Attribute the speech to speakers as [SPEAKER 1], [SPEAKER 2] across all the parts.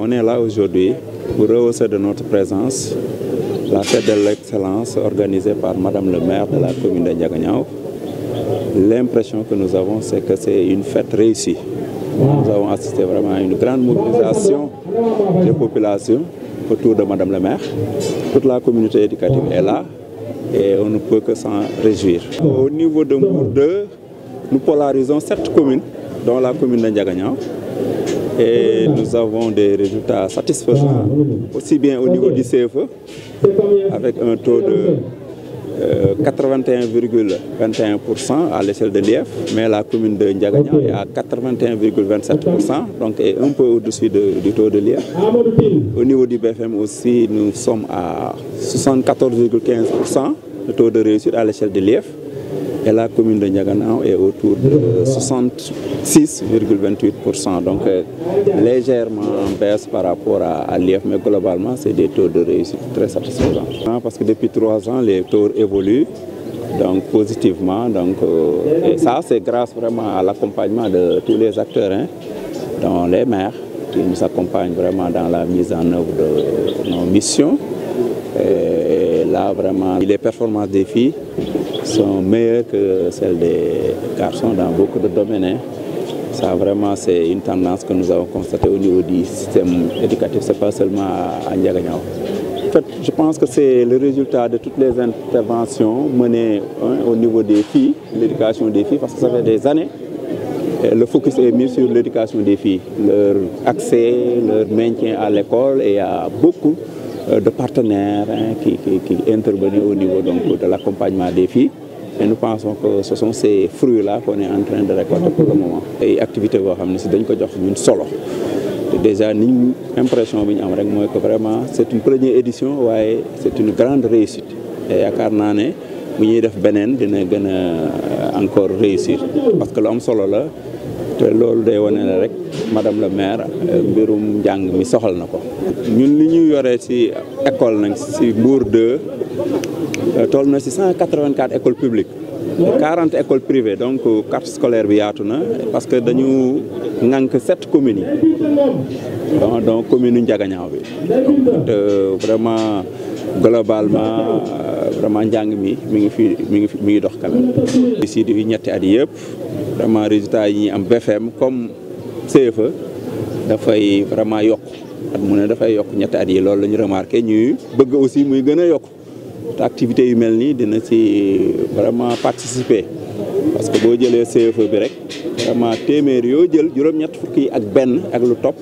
[SPEAKER 1] on est là aujourd'hui pour rehausser de notre présence la fête de l'excellence organisée par Madame le maire de la commune de L'impression que nous avons, c'est que c'est une fête réussie. Nous avons assisté vraiment à une grande mobilisation des populations autour de Madame le maire. Toute la communauté éducative est là et on ne peut que s'en réjouir. Au niveau de Mourdeux, 2, nous polarisons sept communes, dont la commune de et nous avons des résultats satisfaisants, ah. aussi bien au niveau du CFE, avec un taux de 81,21% euh, à l'échelle de l'IF, mais la commune de Ndiaganyan est à 81,27%, donc est un peu au-dessus du taux de l'IF. Au niveau du BFM aussi, nous sommes à 74,15% de taux de réussite à l'échelle de l'IF et la commune de Niaganao est autour de 66,28%, donc euh, légèrement en baisse par rapport à, l'IF, mais globalement c'est des taux de réussite très satisfaisants. Ah, parce que depuis trois ans, les taux évoluent donc positivement, donc, euh, et ça c'est grâce vraiment à l'accompagnement de tous les acteurs, hein, dont les maires, qui nous accompagnent vraiment dans la mise en œuvre de nos missions. Et là, vraiment, les performances des filles sont meilleures que celles des garçons dans beaucoup de domaines. Hein. Ça, vraiment, c'est une tendance que nous avons constatée au niveau du système éducatif, ce n'est pas seulement à Ndiaganyao. je pense que c'est le résultat de toutes les interventions menées hein, au niveau des filles, l'éducation des filles, parce que ça fait des années le focus est mis sur l'éducation des filles, leur accès, leur maintien à l'école et à beaucoup euh, de partenaires hein, qui, qui, au niveau donc, de l'accompagnement des filles. Et nous pensons que ce sont ces fruits-là qu'on est en train de récolter pour le moment. Et l'activité, c'est une si solo déjà j'ai impression que vraiment c'est une première édition c'est une grande réussite et à Karnane, ne ñuy def euh, encore réussir parce que l'homme solo c'est ce loolu day madame le maire eh, mbirum jang mi soxal nako ñun li ñu yoré ci école nak ci Mbour 2 eh, toll na ci 184 école publique 40 écoles privées donc euh, carte scolaire bi yatuna parce que dañu ngank 7 communes yi donc commune u bi te vraiment globalement euh, vraiment jang mi mi ngi fi mi ngi mi ngi dox kanam ici di ñetti at yépp vraiment résultat yi am BFM comme da fay vraiment yok at mu ne fay yok ñetti at yi loolu lañu ñu remarqué ñuy bëgg aussi muy gëna yok yokk activité yu melni dina ci vraiment participer parce que bo jëlé CFA bi rek vraiment téeméer yo jël juroom ñett fukki ak ben ak lu top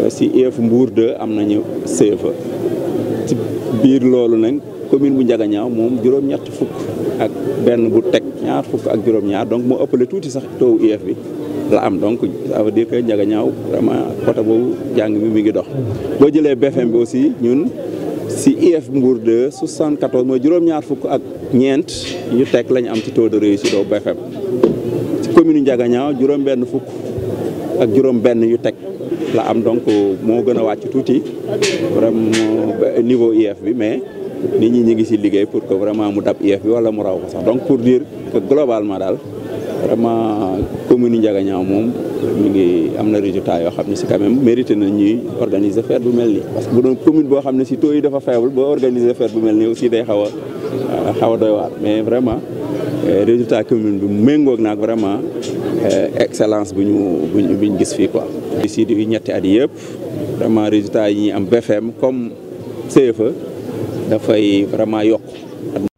[SPEAKER 1] euh, ci EF Mbour 2 amna ñu CFA ci biir loolu nañ commune bu ñaaw mom juroom ñett fukk ak ben bu tek ñaar fukk ak juroom ñaar donc mo ëppalé touti sax taw EF bi la am donc ça veut dire que njaga ñaaw vraiment côté boobu jàng mi mi ngi dox boo jëlee BFM bi aussi ñun si IF Mbour de 74 mooy juróom-ñaar fukk ak ñeent ñu teg la ñu am ci taux de réussite au BFM ci commune njagañaaw juróom-benn fukk ak juróom-benn yu teg la am donc moo gën a wàcc tuuti vraiment niveau IF bi mais ni ñi ñu ngi si liggéey pour que vraiment mu dab IF bi wala mu raw ko sax donc pour dire que globalement daal. vraiment commune Ndiagañaaw moom mu ngi am na résultat yoo xam ne si quand même mérité na ñuy organiser fête bu mel nii. parce que bu doon commune boo xam ne si taux yi dafa faible boo organiser fête bu mel nii aussi day xaw a euh, xaw a doy waar mais vraiment euh, résultat commune bi méngoog naag vraiment euh, excellence bu ñu buñ bu ñu gis fii quoi. si di ñetti at yëpp vraiment résultat yi ñuy am BFM comme CFEE dafay vraiment yokk.